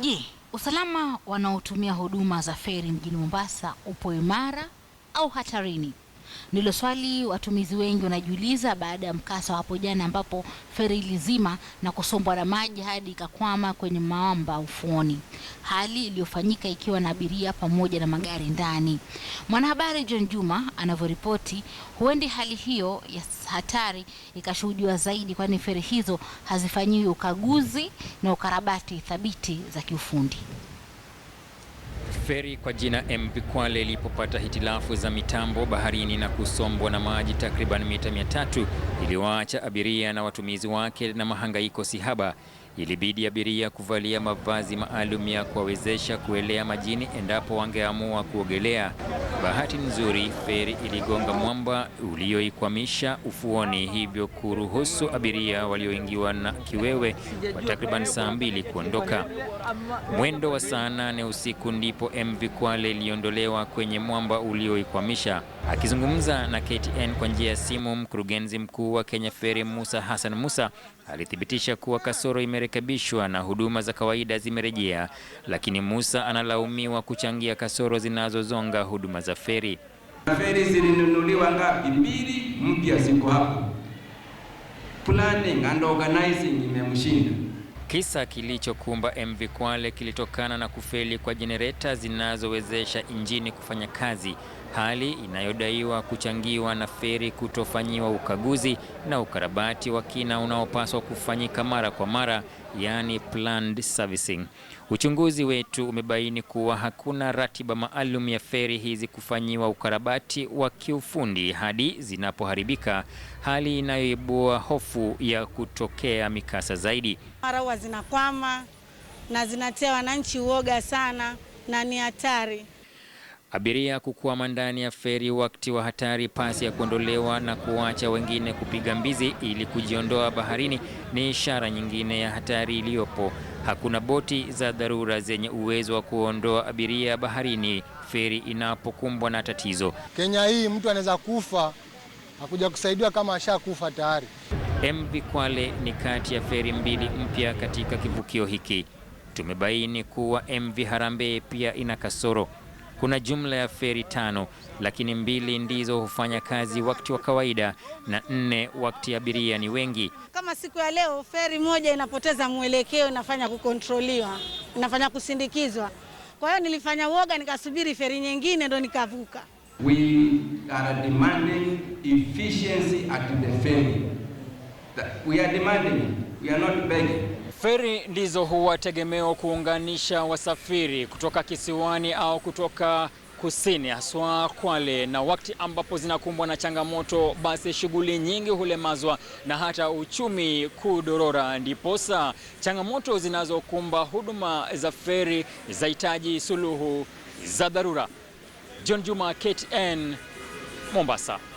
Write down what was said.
Je, usalama wanaotumia huduma za feri mjini Mombasa upo imara au hatarini? Ndilo swali watumizi wengi wanajiuliza baada ya mkasa wa hapo jana ambapo feri ilizima na kusombwa na maji hadi ikakwama kwenye mwamba ufuoni, hali iliyofanyika ikiwa na abiria pamoja na magari ndani. Mwanahabari John Juma anavyoripoti, huende hali hiyo ya hatari ikashuhudiwa zaidi, kwani feri hizo hazifanyiwi ukaguzi na ukarabati thabiti za kiufundi. Feri kwa jina MV Kwale ilipopata hitilafu za mitambo baharini na kusombwa na maji takriban mita 300 iliwaacha abiria na watumizi wake na mahangaiko sihaba ilibidi abiria kuvalia mavazi maalum ya kuwawezesha kuelea majini endapo wangeamua kuogelea. Bahati nzuri, feri iligonga mwamba ulioikwamisha ufuoni, hivyo kuruhusu abiria walioingiwa na kiwewe kwa takriban saa mbili kuondoka. Mwendo wa saa nane usiku ndipo MV Kwale iliondolewa kwenye mwamba ulioikwamisha. Akizungumza na KTN kwa njia ya simu, mkurugenzi mkuu wa Kenya Ferry Musa Hassan Musa alithibitisha kuwa kasoro imere zimerekebishwa na huduma za kawaida zimerejea, lakini Musa analaumiwa kuchangia kasoro zinazozonga huduma za feri. Feri zilinunuliwa ngapi? Mbili mpya ziko hapo, planning and organizing imemshinda Kisa kilichokumba MV Kwale kilitokana na kufeli kwa jenereta zinazowezesha injini kufanya kazi, hali inayodaiwa kuchangiwa na feri kutofanyiwa ukaguzi na ukarabati wa kina unaopaswa kufanyika mara kwa mara yani planned servicing. Uchunguzi wetu umebaini kuwa hakuna ratiba maalum ya feri hizi kufanyiwa ukarabati wa kiufundi hadi zinapoharibika, hali inayoibua hofu ya kutokea mikasa zaidi. Mara huwa zinakwama na zinatia wananchi uoga sana na ni hatari abiria kukwama ndani ya feri wakati wa hatari pasi ya kuondolewa na kuwacha wengine kupiga mbizi ili kujiondoa baharini ni ishara nyingine ya hatari iliyopo. Hakuna boti za dharura zenye uwezo wa kuondoa abiria baharini feri inapokumbwa na tatizo. Kenya hii mtu anaweza kufa hakuja kusaidiwa kama ashakufa tayari. MV Kwale ni kati ya feri mbili mpya katika kivukio hiki. Tumebaini kuwa MV Harambee pia ina kasoro kuna jumla ya feri tano, lakini mbili ndizo hufanya kazi wakati wa kawaida na nne wakati abiria ni wengi. Kama siku ya leo feri moja inapoteza mwelekeo, inafanya kukontroliwa, inafanya kusindikizwa. Kwa hiyo nilifanya woga, nikasubiri feri nyingine ndo nikavuka. We are demanding efficiency at the ferry. We are demanding, we are not begging. Feri ndizo huwa tegemeo kuunganisha wasafiri kutoka kisiwani au kutoka kusini haswa Kwale, na wakati ambapo zinakumbwa na changamoto, basi shughuli nyingi hulemazwa na hata uchumi kudorora. Ndiposa changamoto zinazokumba huduma za feri zahitaji suluhu za dharura. John Juma, KTN, Mombasa.